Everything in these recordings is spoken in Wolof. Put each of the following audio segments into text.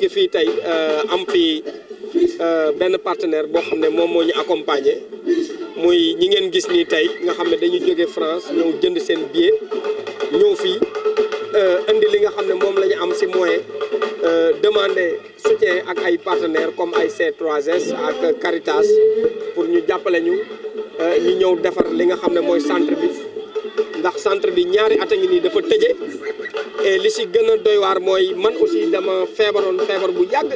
ngi fii tey euh, am fii euh, benn partenaire boo xam ne moom moo ñu accompagner muy ñi ngeen gis nii tey nga xam ne dañu jóge France ñëw jënd seen billet ñëw fii euh, indi li nga xam ne moom la ñu am si moyen demande soutien ak ay partenaires comme ay c 3 ak Caritas pour ñu jàppale ñu ñu ñëw defar li nga xam ne mooy centre bi ndax centre bi ñaari at a nii dafa tëje li si gën a doy mooy man aussi dama feebaroon feebar bu yàgg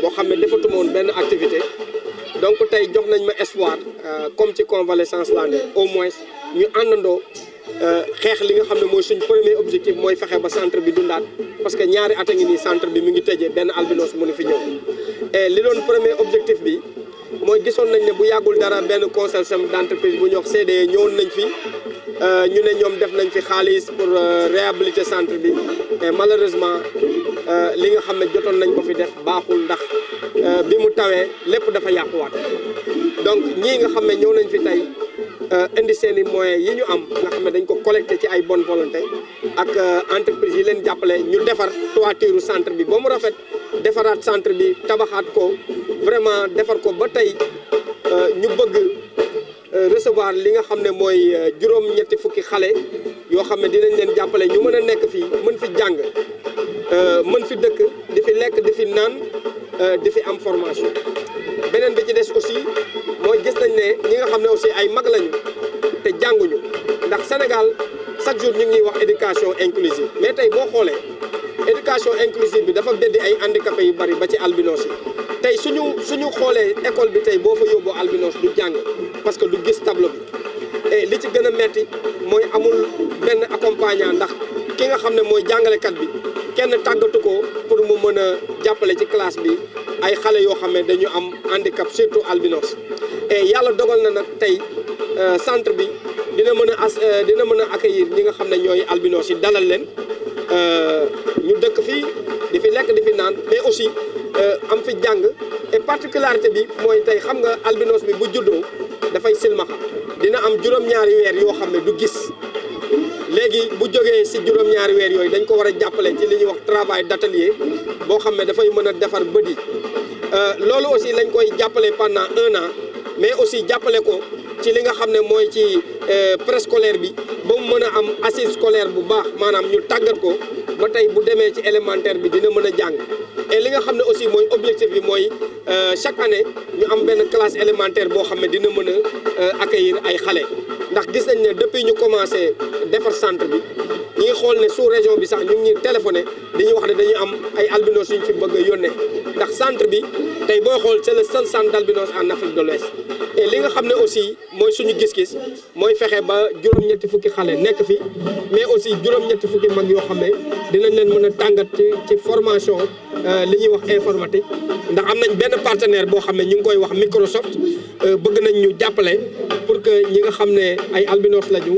boo xam ne defatuma woon benn activité donc tey jox nañ ma espoir euh, comme ci convalescence laa ne au moins ñu àndandoo euh, xeex li nga xam ne mooy suñ premier objectif mooy fexe ba centre bi dundaat parce que ñaari at a ngi nii centre bi mi ngi tëjee benn albinos mu ni fi ñëw et li doon premier objectif bi mooy gisoon nañ ne bu yàggul dara benn conseil d'entreprise bu ñu wax CDE ñëwoon nañ fi. Euh, ñu ne ñoom def nañ fi xaalis pour euh, réhabiliter centre bi mais malheureusement euh, li nga xam ne jotoon nañ ko fi def baaxul ndax bi mu tawee lépp dafa yàquwaat donc ñii nga xam ne ñëw nañ fi tey indi seen i moyens yi ñu am nga xam ne dañ ko collecté ci ay bonne volonté ak entreprise yi leen jàppale ñu defar toiture centre bi ba mu rafet defaraat centre bi tabaxaat ko vraiment defar ko ba tey ñu bëgg recevoir li nga xam ne mooy euh, juróom-ñetti fukki xale yoo xam ne dinañ leen jàppale ñu mën a nekk fii mën fi jàng euh, mën fi dëkk di fi lekk di fi naan euh, di fi am formation beneen bi ci des aussi mooy gis nañ ne ñi nga xam ne aussi ay mag lañu te jànguñu ndax Sénégal chaque jour ñu ngi wax éducation inclusive mais tey boo xoolee. éducation inclusive bi dafa beddi ay handicapés yu bari ba ci albinos yi tey suñu suñu xoolee école bi tey boo fa yóbboo albinos du jàng parce que du gis tableau bi li ci gën a metti mooy amul benn accompagnant ndax ki nga xam ne mooy jàngalekat bi kenn tàggatu ko pour mu mën a jàppale ci classe bi ay xale yoo xam ne dañu am handicap surtout albinos et yàlla dogal na nag tey euh, centre bi dina mën a as euh, dina mën a accueillir ñi nga xam ne ñooy albinos yi dalal leen Euh, ñu dëkk fii di fi lekk di fi naan mais aussi euh, am fi jàng et particularité bi mooy tey xam nga albinos bi bu juddoo dafay silmaxa dina am juróom-ñaari weer yoo xam ne du gis léegi bu jógee si juróom-ñaari weer yooyu dañ ko war a jàppale ci li ñuy wax travail d'atelier boo xam ne dafay mën a defar bët yi euh, loolu aussi lañ koy jàppale pendant un an mais aussi jàppale ko ci li nga xam ne mooy ci euh, préscolaire bi ba mu mën a am assise scolaire bu baax maanaam ñu tàggat ko ba tey bu demee ci élémentaire bi dina mën a jàng et li nga xam ne aussi mooy objectif bi mooy euh, chaque année ñu am benn classe élémentaire boo xam ne dina mën a euh, accueillir ay xale ndax gis nañ ne depuis ñu commencé defar centre bi ñi xool ne sous région bi sax ñu ngi ñuy téléphoné di ñu wax ne dañu am ay albinos yu ñu fi bëgg a yónnee ndax centre bi tey booy xool c'est le seul centre d'albinos en Afrique de l'Ouest li nga xam ne aussi mooy suñu gis-gis mooy fexe ba juróom-ñetti fukki xale nekk fi mais aussi juróom-ñetti fukki mag yoo xam ne dinañ leen mën a tàngat ci ci formation euh, li ñuy wax informatique ndax am nañ benn partenaire boo xam ne ñu ngi koy wax Microsoft euh, bëgg nañ ñu jàppale pour que ñi nga xam ne ay albinos lañu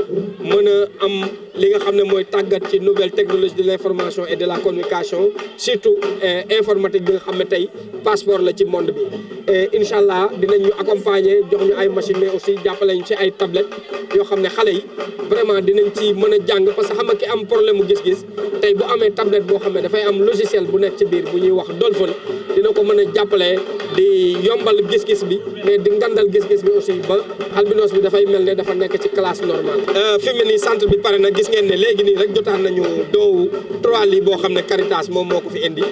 mën a am li nga xam moy tagat ci nouvelle technologie de l'information et de la communication surtout eh, informatique bi nga xam tay passeport la ci monde bi incha eh, inshallah dinañ ñu accompagner jox ñu ay machine mais aussi jàppale ci ay tablette yo xam xalé yi vraiment dinañ ci mëna jang parce que xamaki am problème mu gis-gis tey bu amé tablette bo xam da fay am logiciel bu nekk ci bir bu ñuy wax Dolphin dina ko mëna jappalé di yombal gis-gis bi mais di ngandal gis-gis bi aussi ba albinos bi dafay mel ne dafa nekk ci classe normale euh fi mu centre bi paré na gis gis ne léegi nii rek jotaan nañu doowu trois lits boo xam ne Caritas moom moo ko fi indi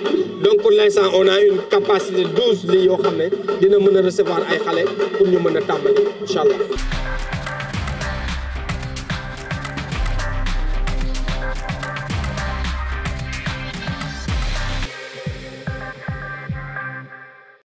donc pour l'instant on a une capacité douze lits yoo xam ne dina mën a recevoir ay xale pour ñu mën a tàmbali incha allah.